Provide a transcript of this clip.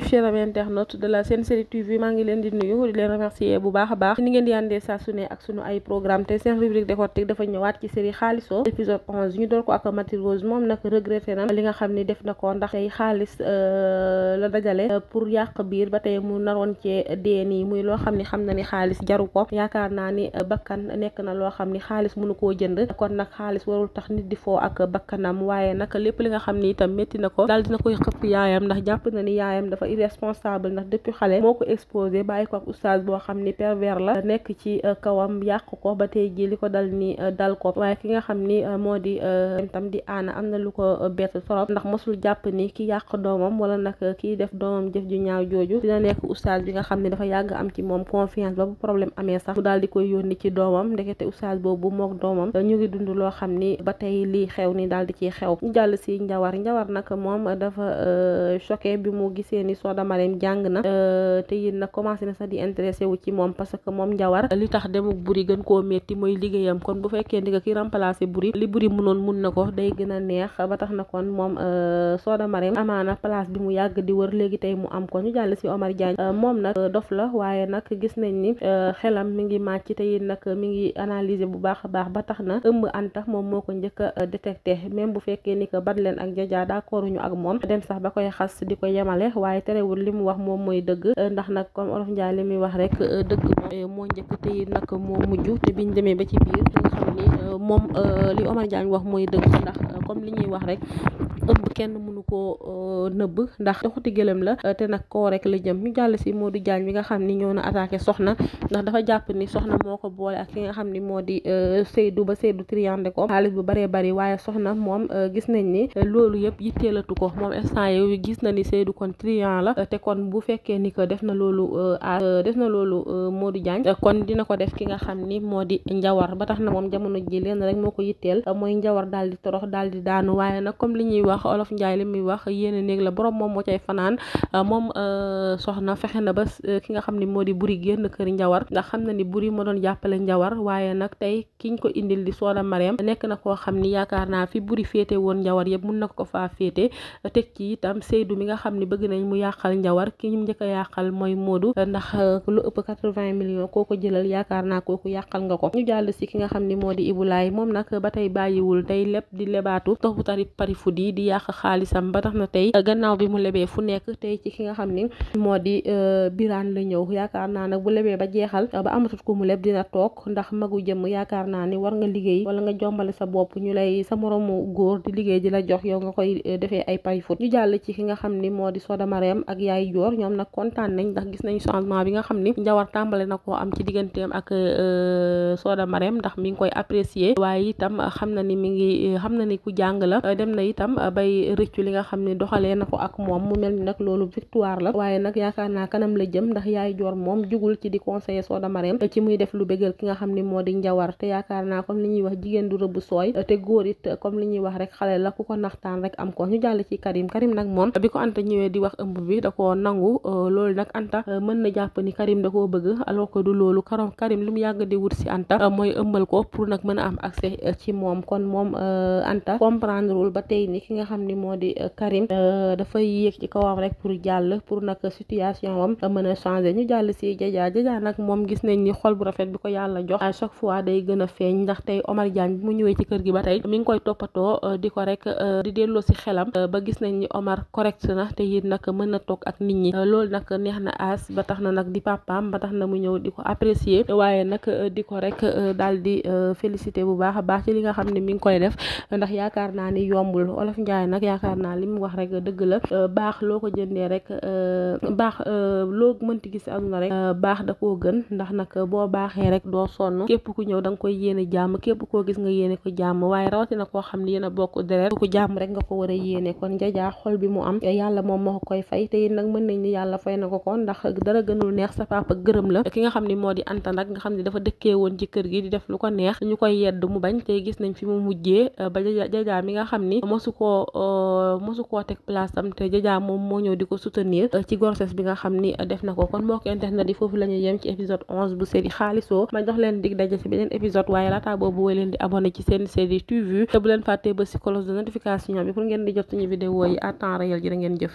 chers amis internautes de la Sen Série TV maa ngi leen di nuyu di leen remercier bu baax a baax ni ngeen di àndee saa su ne ak sunu ay programme te seen rubrique décortique dafa ñëwaat ci série xaalisoo épisode onze ñu door ko ak Mathilde Rose moom nag regretté na li nga xam ni def na ko ndax tey xaalis euh, la dajale euh, pour yàq biir ba tey mu naroon cee dee nii muy loo xam ni xam na ni xaalis jaru ko yaakaar naa ni euh, bakkan nekk na loo xam ni xaalis mënu koo jënd kon nag xaalis warul tax nit di foo ak bakkanam waaye nag lépp li nga xam ni itam métti na ko daal dina koy xëpp yaayam ndax jàpp dafa irresponsable ndax depuis xale moo ko exposé bàyyi ko ak oustaz boo xam ni pervers la nekk ci euh, kawam yàq ko ba tey ji li ko dal ni euh, dal ko waaye ki nga xam ni euh, moo di tam di aana am na lu ko bett trop ndax mosul jàpp ni ki yàq doomam wala nag kiy def doomam jëf ju ñaaw jooju dina nekk oustaz bi nga xam ne dafa yàgg am ci moom confiance ba bu problème amee sax mu daal di koy yónni ci doomam ndekete oustaz boobu mook doomam ñu ngi dund loo xam ni ba tey lii xew ni dal di ciy xew ñu jàll si njawar njawar nag moom dafa choqué bi mu gisee ni ni Soxna Marème jàng na euh, te yéen nag commencé na sax di intéressé wu ci moom parce que moom njawar li tax demuk buri gën koo métti mooy liggéeyam kon bu fekkee ni ki remplacé buri li buri munoon mun na ko a neex ba tax na kon moom euh, Soxna Marème amaana place bi mu yàgg di wër léegi tey mu am ko ñu jàll si Omar Diagne euh, moom nag dof la waaye nag gis nañ ni xelam mi ngi màcc te nag mi ngi analyser bu baax a baax ba tax na ëmb Anta moom moo ko njëkk a détecté même bu fekkee ni que Badlen ak Jaja d'accorduñu ak moom dem sax ba koy xas di ko yemale waaye waaye terewul li mu wax moom mooy dëgg euh, ndax nag comme olof Ndiaye li muy wax rek euh, dëgg euh, moo njëkk te nag moo mujj te biñ demee ba ci biir nga xam ni moom li Omar Diagne wax mooy dëgg ndax comme li ñuy wax rek ëmb kenn mënu koo euh, nëbb ndax doxuti gëléem la euh, te nag koo rek la jëm ñu jàll si Modou Diagne bi nga xam ni ñoo na attaqué soxna ndax dafa jàpp ni soxna moo ko boole ak ki nga xam ni moo di euh, Seydou ba seddu triandé ko xaalis bu baree bari waaye soxna moom gis nañ ni loolu yëpp yitteelatu ko moom instant yooyu gis na ni Seydou kon triand la te kon bu fekkee ni que def na loolu def na loolu Modou Diagne kon dina ko def ki nga xam ni moo di njawar ba tax na moom jamono ji lenn rek moo ko yitteel mooy njawar daal di torox daal di daanu waaye nag comme li ñuy wax wax olof njaay li wax yéene néeg la borom moom moo cay fanaan euh, moom euh, soxna fexe na ba euh, ki nga xam ne moo di buri génn kër njawar ndax xam na ni buri moo doon jàppale njawar waaye nag tey kiñ ko indil di Soxna Mariam nekk na koo xam ni yaakaar naa fi buri féete woon njawar yëpp mun na ko fa féete teg ci itam Seydou mi nga xam ni bëgg nañ mu yàqal njawar ki ñu njëkk a yàqal mooy Modou ndax lu ëpp quatre-vingts millions koo ko jëlal yaakaar naa kooku yàqal nga ko ñu jàll si ki nga xam ni moo Ibulaay moom nag ba tey bàyyiwul tey lépp di lebaatu toxu tari pari fu di yàq xaalisam ba tax na tey gannaaw bi mu lebee fu nekk tey ci ki nga xam ni moo di euh, Birane la ñëw yaakaar naa nag bu lebee ba jeexal ba amatut ko mu leb dina toog ndax magu jëm yaakaar naa ni war nga liggéey wala nga jombale sa bopp ñu lay sa moromu góor di liggéey di la jox yow nga koy euh, defee ay pay foot ñu jàll ci ki nga xam ni moo di Soda Mariam ak yaay joor ñoom nag kontaan nañ ndax gis nañ changement bi nga xam ni njawar tàmbale na ko am ci digganteem ak euh, Soda Mariam ndax mi ngi koy apprécier waaye itam xam na ni mi xam na ni ku jàng la dem na itam bay rëccu li nga xam ne doxalee na ko ak moom mu mel ni nag loolu victoire la waaye nag yaakaar naa kanam la jëm ndax yaay joor moom jugul ci di conseiller Soda Mareem ci muy def lu bégal xam ne moo di njawar te yaakaar naa comme li ñuy wax jigéen du rëbb sooy te góor it comme li ñuy wax rek xale la ku ko naxtaan rek am ko ñu jàll ci Karim Karim nag moom bi ko Anta ñëwee di wax ëmb bi da ko nangu euh, loolu nag Anta euh, mën na jàpp ni Karim da koo bëgg alors euh, a am nga xam ni moo di euh, Karim euh, dafay yéeg ci kawam rek pour jàll pour nag situation wam euh, mën a changé ñu jàll si Jaja Jaja nag moom gis nañ ni xol bu rafet bi ko yàlla jox à chaque fois day gën a feeñ ndax tey Omar Diagne mu ñëwee ci kër gi ba tey mi ngi koy toppatoo di ko rek di delloo si xelam ba gis nañ ni Omar correct na te it nag mën na toog ak nit ñi loolu nag neex na aas ba tax na nag di papaam ba tax na mu ñëw di ko apprécier waaye nag di ko rek dal di féliciter bu baax a baax li nga xam ne mi ngi koy def gars yi nag yaakaar naa li mu wax rek dëgg la euh, baax loo ko jëndee rek euh, baax euh, loo mënti gis aduna rek baax da koo gën ndax nag boo baaxee rek doo sonn képp ku ñëw da nga koy yéene jàmm képp koo gis nga yéene ko jàmm waaye rawatina koo xam ne yéen bokk deret ku jàmm rek nga ko war a yéene kon njajaa xol bi mu am yàlla moom moo koy fay te it nag mën nañ ni yàlla fay na ko ko ndax dara gënul neex sa papa gërëm la ki nga xam ni moo di anta nag nga xam ni dafa dëkkee woon ci kër gi di def lu ko neex ñu koy yedd mu bañ te gis nañ fi mu mujjee ba jajaa mi nga xam ni mosu koo ko euh, mosu teg place am te jëjaa moom moo ñëw soutenir euh, ci grossesse bi nga xam ni euh, def na ko kon mbokk internet yi foofu la yem ci épisode onze bu série Xalisso ma jox leen dig daje si beneen épisode waaye laata boobu woy leen di abonné ci seen série TV te bu leen fàttee ba si de notification bi pour ngeen di jot suñu vidéo yi à temps réel jërë ngeen jëf